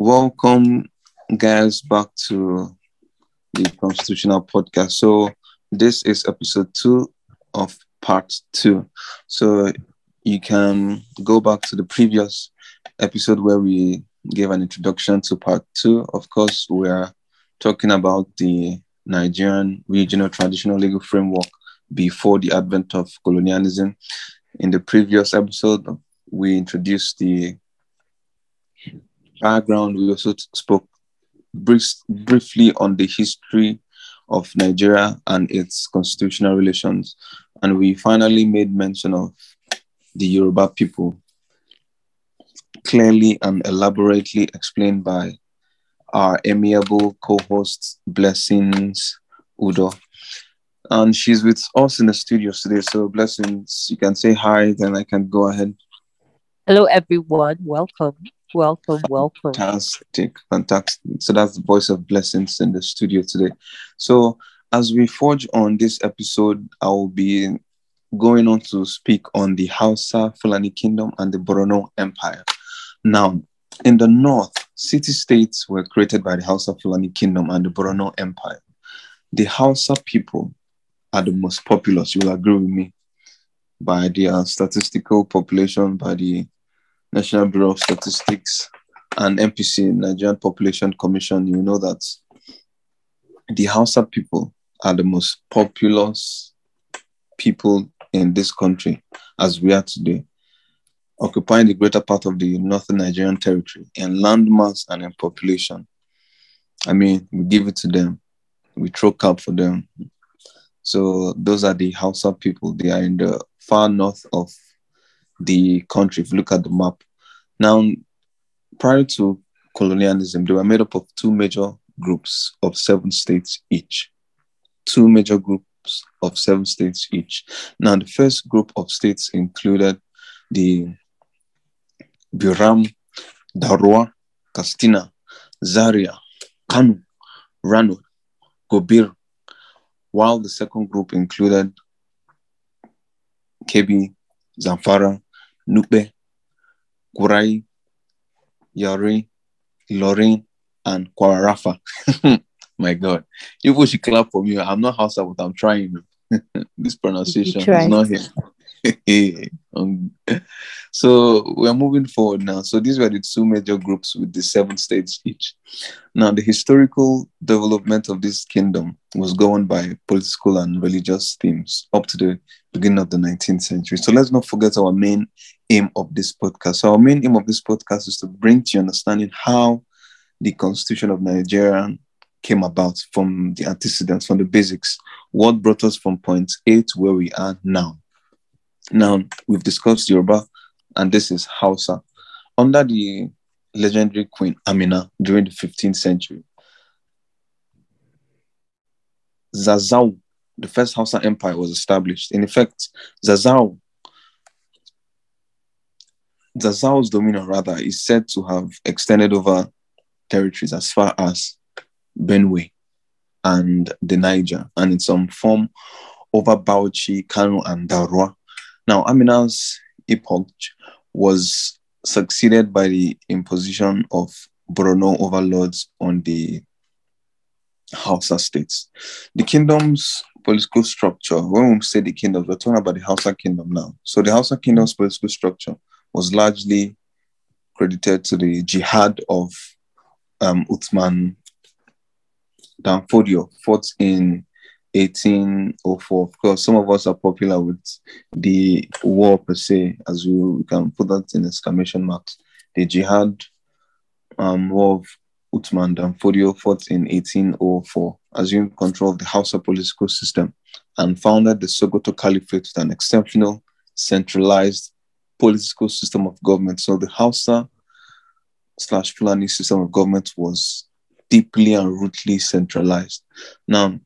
welcome guys back to the constitutional podcast so this is episode two of part two so you can go back to the previous episode where we gave an introduction to part two of course we're talking about the nigerian regional traditional legal framework before the advent of colonialism in the previous episode we introduced the background, we also spoke brief, briefly on the history of Nigeria and its constitutional relations. And we finally made mention of the Yoruba people, clearly and elaborately explained by our amiable co host, Blessings Udo. And she's with us in the studio today. So, Blessings, you can say hi, then I can go ahead. Hello, everyone. Welcome. Welcome, welcome. Fantastic, fantastic. So that's the voice of blessings in the studio today. So as we forge on this episode, I will be going on to speak on the Hausa Fulani Kingdom and the Borno Empire. Now, in the north, city states were created by the Hausa Fulani Kingdom and the Borno Empire. The Hausa people are the most populous, you'll agree with me, by the statistical population, by the National Bureau of Statistics and MPC, Nigerian Population Commission, you know that the Hausa people are the most populous people in this country as we are today, occupying the greater part of the northern Nigerian territory in landmass and in population. I mean, we give it to them, we throw cap for them. So those are the Hausa people. They are in the far north of the country if you look at the map. Now, prior to colonialism, they were made up of two major groups of seven states each. Two major groups of seven states each. Now, the first group of states included the Biram, Darua, Castina, Zaria, Kanu, Rano, Gobir, while the second group included Kebi, Zamfara, Nupe, Kurai, Yari, Lorraine, and Kwarafa. My God. You people should clap for me. I'm not Hausa, but I'm trying. this pronunciation is not here. um, so we're moving forward now. So these were the two major groups with the seven states each. Now, the historical development of this kingdom was governed by political and religious themes up to the beginning of the 19th century. So let's not forget our main aim of this podcast. So our main aim of this podcast is to bring to you understanding how the constitution of Nigeria came about from the antecedents, from the basics, what brought us from point A to where we are now now, we've discussed Yoruba, and this is Hausa. Under the legendary queen Amina during the 15th century, Zazau, the first Hausa empire, was established. In effect, Zazau, Zazau's dominion, rather, is said to have extended over territories as far as Benue and the Niger, and in some form over Bauchi, Kano, and Darwa. Now, Amina's epoch was succeeded by the imposition of Bruno overlords on the Hausa states. The kingdom's political structure, when we say the kingdoms, we're talking about the Hausa kingdom now. So the Hausa kingdom's political structure was largely credited to the jihad of um, Uthman Danfodio, fought in 1804. Of course, some of us are popular with the war per se, as we, we can put that in exclamation marks. The jihad um, war of Uthman Danfodio fought in 1804, assumed control of the Hausa political system, and founded the Sokoto Caliphate with an exceptional, centralized political system of government. So the Hausa slash Fulani system of government was deeply and rootly centralized. Now,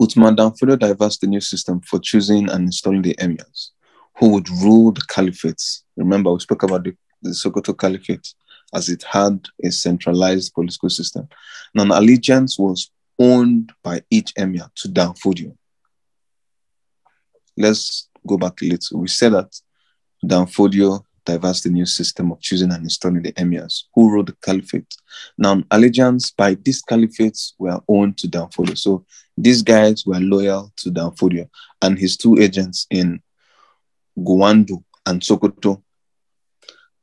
Uthman Danfodio diversed the new system for choosing and installing the emirs who would rule the caliphates. Remember, we spoke about the, the Sokoto Caliphate as it had a centralized political system. And allegiance was owned by each emir to Danfodio. Let's go back a little. We said that Danfodio diverse the new system of choosing and installing the emirs who ruled the caliphate. Now, allegiance by these caliphates were owned to Danfodio. So these guys were loyal to Danfodio and his two agents in Guandu and Sokoto.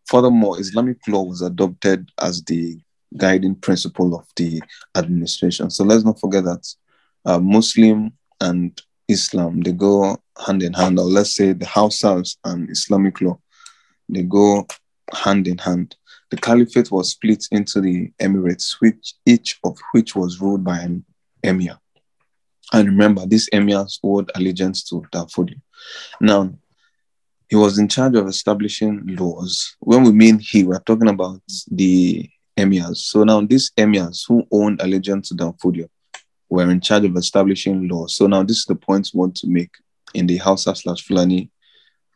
Furthermore, Islamic law was adopted as the guiding principle of the administration. So let's not forget that uh, Muslim and Islam, they go hand in hand, or let's say the house house and Islamic law they go hand in hand. The caliphate was split into the emirates, which each of which was ruled by an emir. And remember, these emirs owed allegiance to Darfodi. Now, he was in charge of establishing laws. When we mean he, we're talking about the emirs. So now these emirs who owned allegiance to Darfodi were in charge of establishing laws. So now this is the point we want to make in the Hausa slash Fulani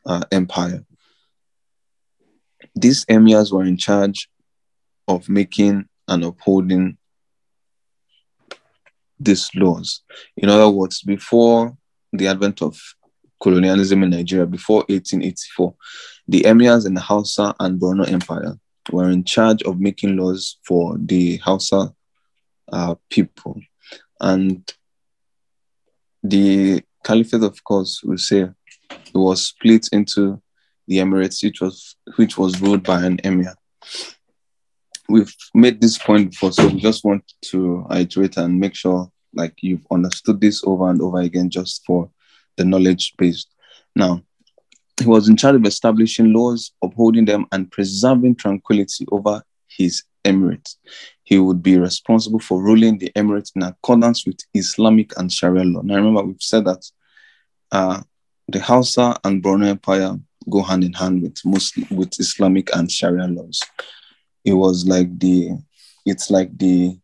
uh, empire these emirs were in charge of making and upholding these laws. In other words, before the advent of colonialism in Nigeria, before 1884, the emirs in the Hausa and Borno Empire were in charge of making laws for the Hausa uh, people. And the caliphate, of course, we say it was split into the Emirates, which was which was ruled by an emir. We've made this point before, so we just want to iterate and make sure like you've understood this over and over again, just for the knowledge base. Now, he was in charge of establishing laws, upholding them, and preserving tranquility over his Emirates. He would be responsible for ruling the Emirates in accordance with Islamic and Sharia law. Now, remember, we've said that uh, the Hausa and Borneo Empire go hand in hand with Muslim, with Islamic and Sharia laws. It was like the, it's like the,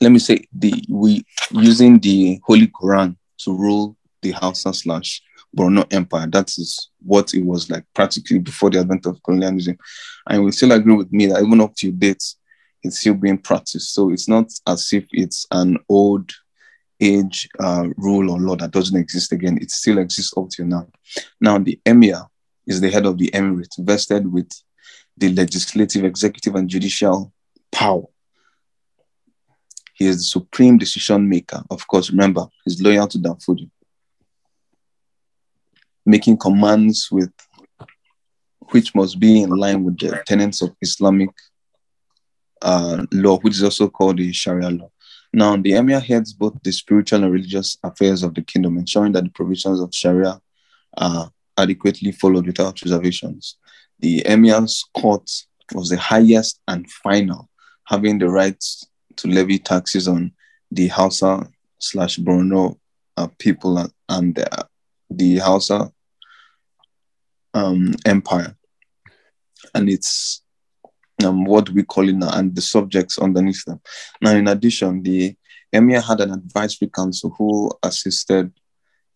let me say the we using the Holy Quran to rule the Hausa slash Borno Empire. That is what it was like practically before the advent of colonialism. And we will still agree with me that even up to date, it's still being practiced. So it's not as if it's an old age uh, rule or law that doesn't exist again. It still exists up till now. Now, the emir is the head of the emirate, vested with the legislative, executive, and judicial power. He is the supreme decision maker. Of course, remember, he's loyal to Danfodi, making commands with which must be in line with the tenets of Islamic uh, law, which is also called the Sharia law. Now, the emir heads both the spiritual and religious affairs of the kingdom, ensuring that the provisions of Sharia are adequately followed without reservations. The emir's court was the highest and final, having the right to levy taxes on the Hausa slash Borno uh, people and, and the, the Hausa um, empire. And its um, what we call it and the subjects underneath them. Now, in addition, the Emir had an advisory council who assisted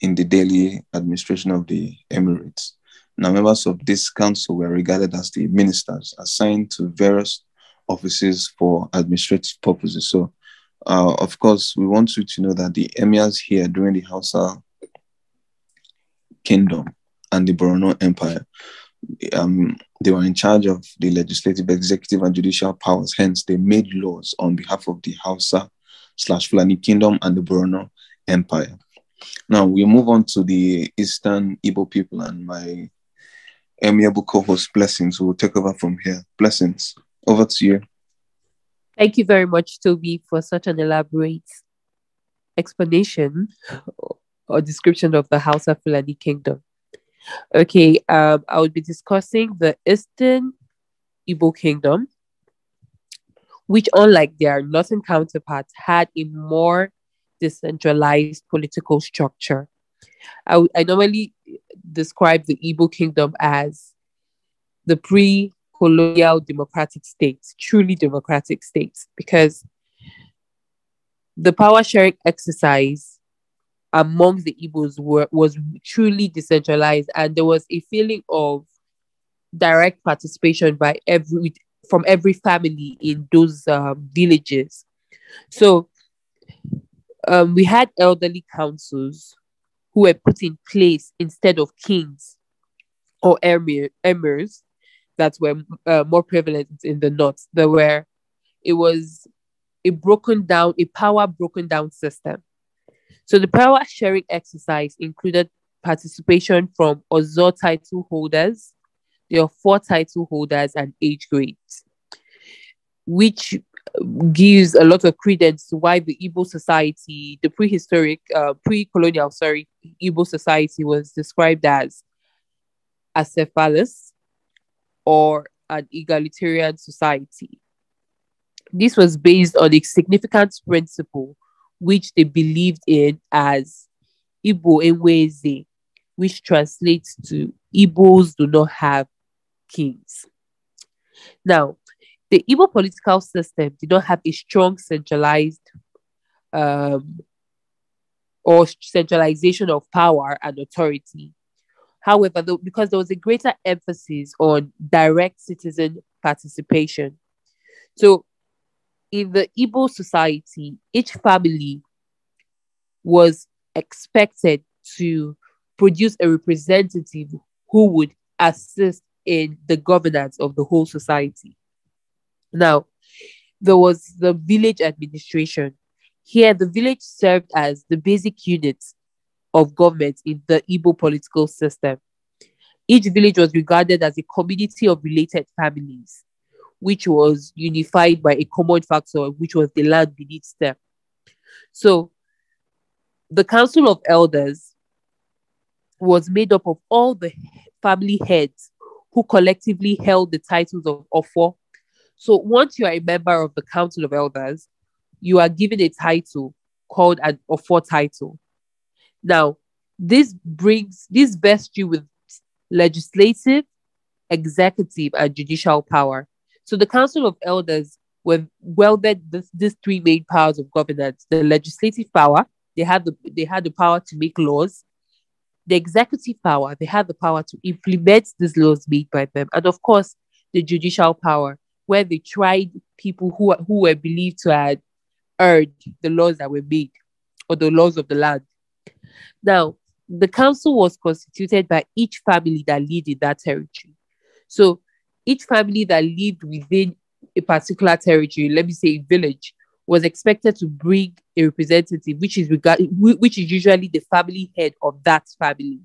in the daily administration of the Emirates. Now, members of this council were regarded as the ministers assigned to various offices for administrative purposes. So, uh, of course, we want you to know that the emirs here during the Hausa kingdom and the Borno Empire um, they were in charge of the legislative, executive, and judicial powers. Hence, they made laws on behalf of the Hausa slash Fulani Kingdom and the Borno Empire. Now we move on to the Eastern Igbo people, and my amiable co-host Blessings will take over from here. Blessings, over to you. Thank you very much, Toby, for such an elaborate explanation or description of the Hausa Fulani Kingdom. Okay, um, I will be discussing the Eastern Igbo Kingdom, which, unlike their northern counterparts, had a more decentralized political structure. I, I normally describe the Igbo Kingdom as the pre colonial democratic states, truly democratic states, because the power sharing exercise among the Igbos were, was truly decentralized, and there was a feeling of direct participation by every from every family in those um, villages. So um, we had elderly councils who were put in place instead of kings or emir, emirs that were uh, more prevalent in the north. There were it was a broken down, a power broken down system so the power sharing exercise included participation from Ozo title holders, there are four title holders and age grades, which gives a lot of credence to why the Igbo society, the prehistoric, uh, pre-colonial, sorry, Igbo society was described as acephalous or an egalitarian society. This was based on a significant principle which they believed in as Igbo Eweze, which translates to Igbos do not have kings. Now, the Igbo political system did not have a strong centralized um, or centralization of power and authority. However, the, because there was a greater emphasis on direct citizen participation. So in the Igbo society, each family was expected to produce a representative who would assist in the governance of the whole society. Now, there was the village administration. Here, the village served as the basic unit of government in the Igbo political system. Each village was regarded as a community of related families which was unified by a common factor, which was the land beneath them. So the Council of Elders was made up of all the family heads who collectively held the titles of offer. So once you are a member of the Council of Elders, you are given a title called an offer title. Now, this brings this vests you with legislative, executive, and judicial power. So the Council of Elders were welded this, these three main powers of governance: the legislative power, they had the they had the power to make laws, the executive power, they had the power to implement these laws made by them, and of course the judicial power, where they tried people who who were believed to have erred the laws that were made or the laws of the land. Now, the council was constituted by each family that lived in that territory. So each family that lived within a particular territory, let me say a village, was expected to bring a representative, which is regard- which is usually the family head of that family.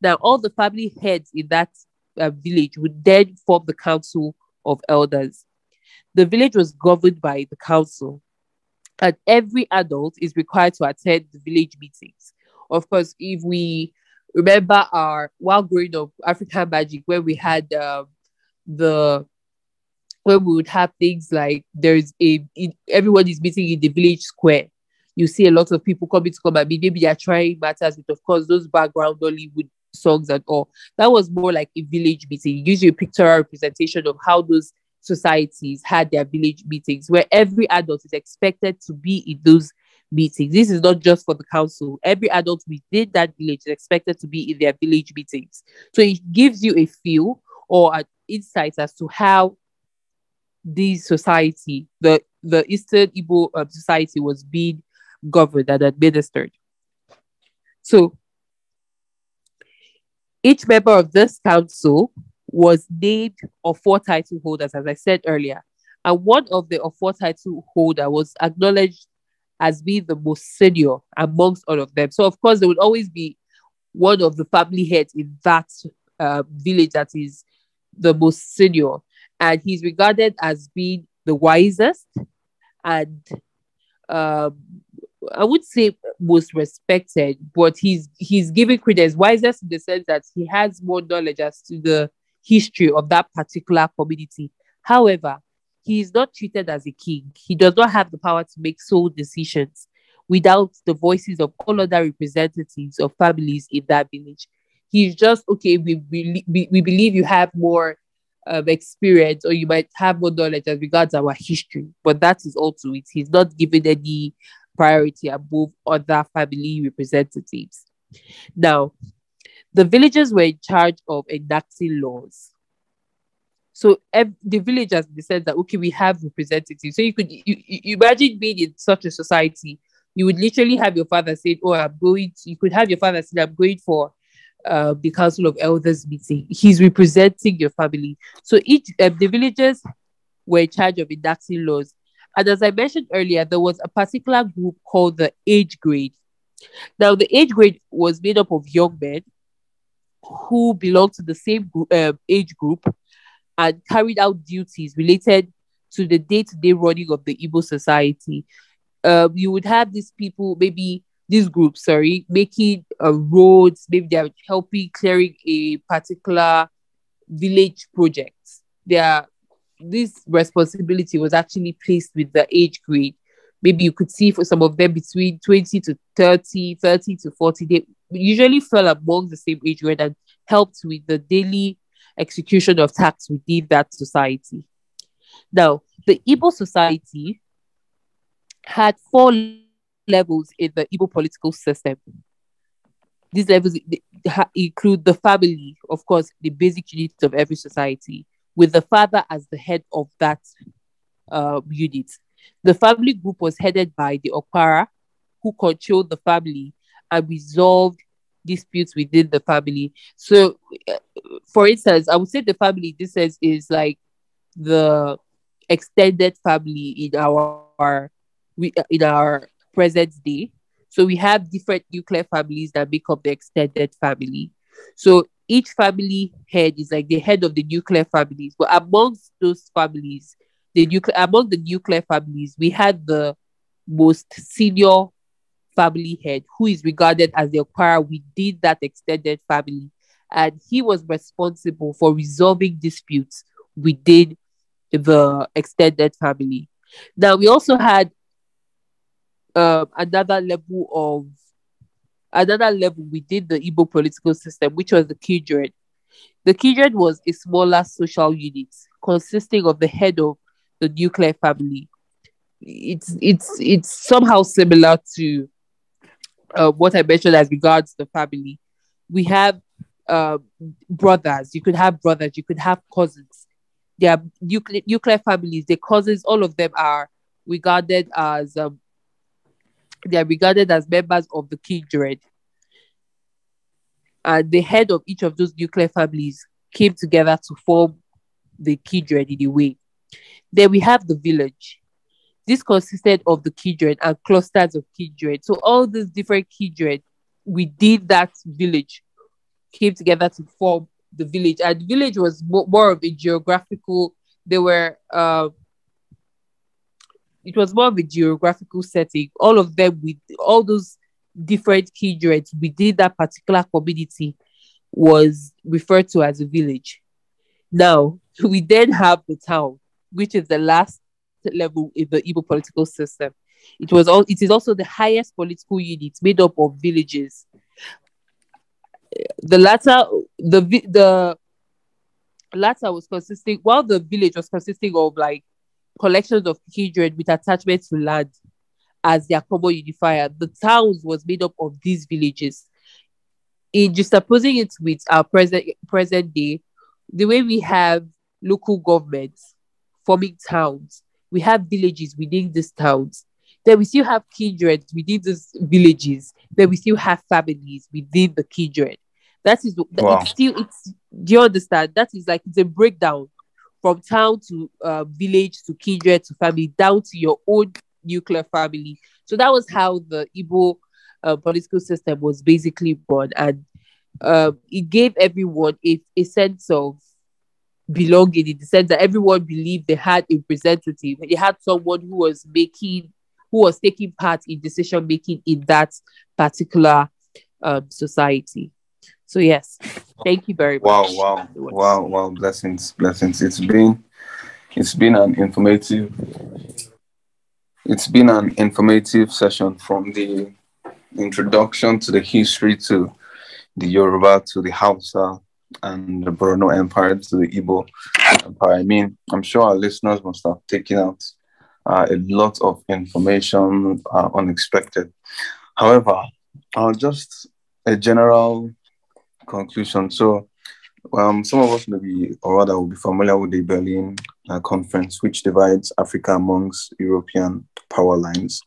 Now, all the family heads in that uh, village would then form the council of elders. The village was governed by the council, and every adult is required to attend the village meetings. Of course, if we remember our while growing up African magic, where we had um, the where we would have things like there's a everyone is meeting in the village square. You see a lot of people coming to come and Maybe they are trying matters but of course, those background with songs and all. That was more like a village meeting. It gives you a pictorial representation of how those societies had their village meetings, where every adult is expected to be in those meetings. This is not just for the council. Every adult within that village is expected to be in their village meetings. So it gives you a feel or a, insights as to how this society, the, the Eastern Igbo um, society was being governed and administered. So each member of this council was named of four title holders, as I said earlier. And one of the of four title holder was acknowledged as being the most senior amongst all of them. So, of course, there would always be one of the family heads in that uh, village that is the most senior, and he's regarded as being the wisest and um, I would say most respected, but he's he's given credence wisest in the sense that he has more knowledge as to the history of that particular community. However, he is not treated as a king. He does not have the power to make sole decisions without the voices of all other representatives of families in that village. He's just okay. We we, we believe you have more um, experience or you might have more knowledge as regards our history, but that is also it. He's not given any priority above other family representatives. Now, the villagers were in charge of enacting laws. So the villagers decided that okay, we have representatives. So you could you, you imagine being in such a society, you would literally have your father saying, "Oh, I'm going." To, you could have your father saying, "I'm going for uh, the Council of Elders meeting. He's representing your family. So each um, the villagers were in charge of enacting laws. And as I mentioned earlier, there was a particular group called the age grade. Now, the age grade was made up of young men who belonged to the same group, um, age group and carried out duties related to the day to day running of the Igbo society. Um, you would have these people maybe these groups, sorry, making uh, roads, maybe they are helping clearing a particular village project. are this responsibility was actually placed with the age grade. Maybe you could see for some of them between 20 to 30, 30 to 40, they usually fell among the same age grade and helped with the daily execution of tasks within that society. Now, the Igbo society had four levels in the Igbo political system. These levels include the family, of course, the basic unit of every society, with the father as the head of that uh, unit. The family group was headed by the Okwara, who controlled the family and resolved disputes within the family. So, uh, for instance, I would say the family, this is, is like the extended family in our, uh, in our present day. So we have different nuclear families that make up the extended family. So each family head is like the head of the nuclear families. But amongst those families, the nuclear among the nuclear families, we had the most senior family head who is regarded as the acquirer within that extended family. And he was responsible for resolving disputes within the extended family. Now we also had um, another level of another level within the Igbo political system, which was the kindred. The kindred was a smaller social unit consisting of the head of the nuclear family. It's it's it's somehow similar to uh, what I mentioned as regards the family. We have uh, brothers. You could have brothers. You could have cousins. They are nuclear nuclear families. Their cousins. All of them are regarded as um, they are regarded as members of the kindred. And the head of each of those nuclear families came together to form the kindred in a way. Then we have the village. This consisted of the kindred and clusters of kindred. So all these different kindred within that village came together to form the village. And the village was more, of a geographical, they were uh, it was more of a geographical setting. All of them with all those different kindreds within that particular community was referred to as a village. Now we then have the town, which is the last level in the Igbo political system. It was all it is also the highest political unit made up of villages. The latter the the latter was consisting while the village was consisting of like collections of kindred with attachment to land as their common unifier. The towns was made up of these villages. In juxtaposing it with our present present day, the way we have local governments forming towns, we have villages within these towns. Then we still have kindred within these villages. Then we still have families within the kindred. That is wow. it's still it's do you understand? That is like it's a breakdown from town to uh, village to kindred to family down to your own nuclear family. So that was how the Igbo uh, political system was basically born, and uh, it gave everyone a, a sense of belonging in the sense that everyone believed they had a representative. They had someone who was making, who was taking part in decision making in that particular um, society. So yes, thank you very wow, much. Wow, wow, wow, wow! Blessings, blessings. It's been, it's been an informative, it's been an informative session from the introduction to the history to the Yoruba to the Hausa and the Borno Empire to the Igbo Empire. I mean, I'm sure our listeners must have taken out uh, a lot of information uh, unexpected. However, uh, just a general conclusion. So, um, some of us may be, or rather, will be familiar with the Berlin uh, Conference, which divides Africa amongst European power lines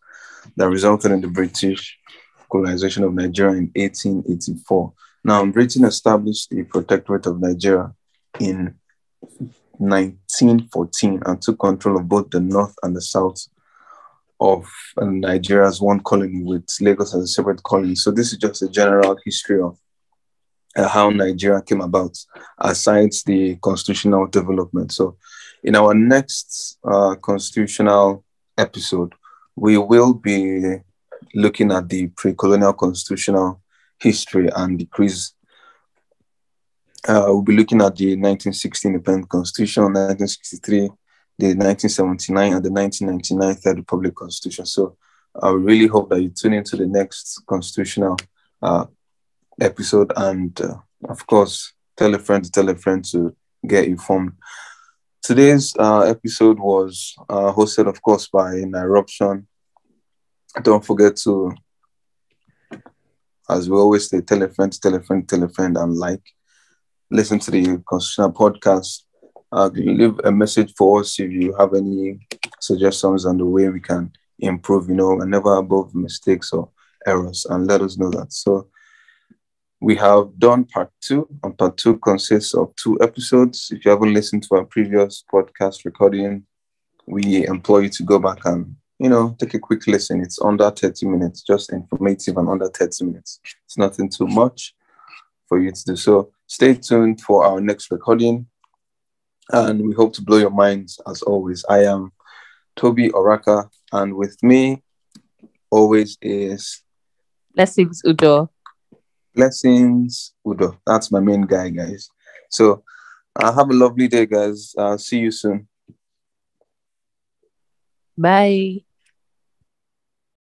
that resulted in the British colonization of Nigeria in 1884. Now, Britain established the Protectorate of Nigeria in 1914 and took control of both the north and the south of Nigeria as one colony, with Lagos as a separate colony. So, this is just a general history of uh, how Nigeria came about, aside the constitutional development. So, in our next uh, constitutional episode, we will be looking at the pre colonial constitutional history and decrees. Uh, we'll be looking at the 1960 Independent Constitution, 1963, the 1979, and the 1999 Third Republic Constitution. So, I really hope that you tune into the next constitutional uh, episode. And uh, of course, tell a friend to tell a friend to get informed. Today's uh, episode was uh, hosted, of course, by an Eruption. Don't forget to, as we always say, tell a friend, tell a friend, tell a friend, and like. Listen to the Constitutional Podcast. Uh, leave a message for us if you have any suggestions on the way we can improve, you know, and never above mistakes or errors, and let us know that. So we have done part two, and part two consists of two episodes. If you haven't listened to our previous podcast recording, we implore you to go back and you know take a quick listen. It's under 30 minutes, just informative and under 30 minutes. It's nothing too much for you to do. So stay tuned for our next recording. And we hope to blow your minds as always. I am Toby Oraka, and with me always is Blessings Udo. Blessings, Udo. That's my main guy, guys. So uh, have a lovely day, guys. Uh, see you soon. Bye.